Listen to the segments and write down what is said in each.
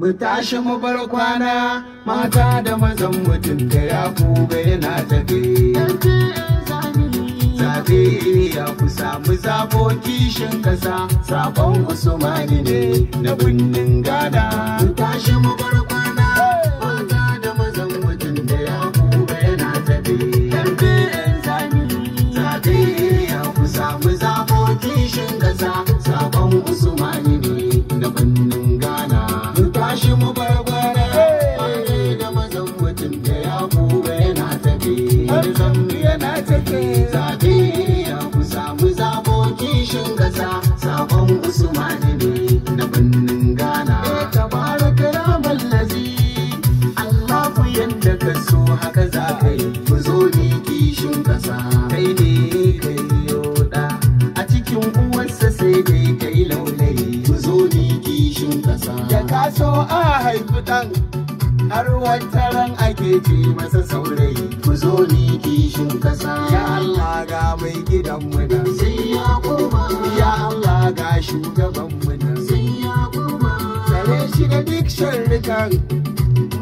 mu tashi mu bar kwana mata da mazan mutum ta ya kuga yana tafi zafi ya ku samu zabo kishin kasa sabon usmani ne na bunnin gada mu tashi mu bar kwana ke zaɓe ya ku samu zabo kishin gasa sabon usmani ne na birnin ghana e tabaraka ramal lazi allah ku yanda ka so haka za ka yi ku zo ni kishin gasa kai ne kai yoda a cikin uwansa sai dai kai laulayi ku zo ni kishin gasa Ya ka a haifi ɗan har ran ake ce masa saurayi ku zo ni kishin kasa ya Allah ga mai gidan mu nan sai ya koma ya Allah ga shugaban mu nan sai ya koma tare shi da duk sharrikan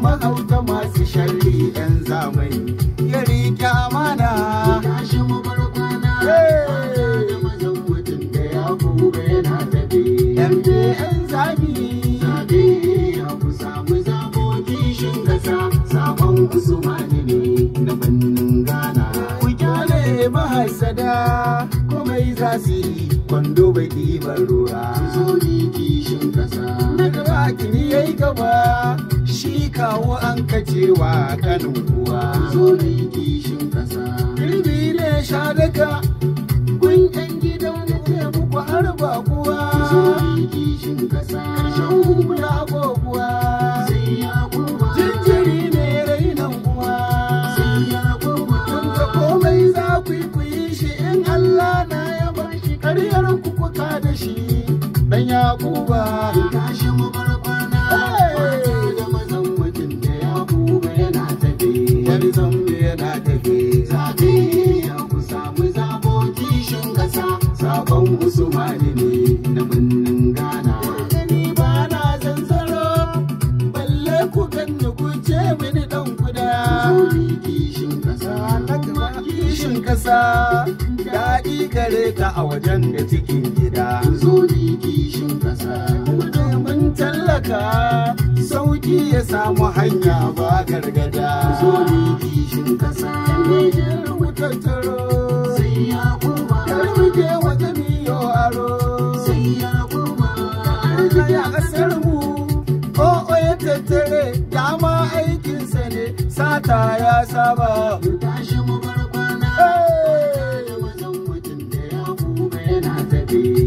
mahauta masu sharri na birnin mahasada, Ku kyale komai za su yi kwando bai ɗibar ruwa. Zo ni kishin ƙasa. Daga baki ni gaba shi kawo an kacewa kanin kuwa. Zo ni kishin Girbi ne sha daga gun 'yan gidan da ce muku har kuwa. Zo ni kishin ƙaryar kuka dashi shi yakuba gashi mu bar kwana da mazan mutum da yakuba yana tafe wani zambe yana tafe zabe ya ku samu zabo gasa, kasa sabon usmani ne na kishin kasa kishin ƙasa daɗi gare ka a wajen da cikin gida zo ni kishin kasa mun tallaka sauki ya samu hanya ba gargada zo ni kishin kasa wutar taro ta ya saba mu tashi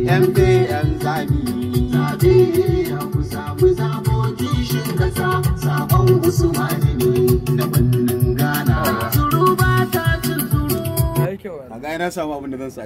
yana zabi ya kusa mu zabo kasa sabon Usmani ne bannin Ghana. Zuru ba ta cin zuru. Ga ina samu abin da zan sa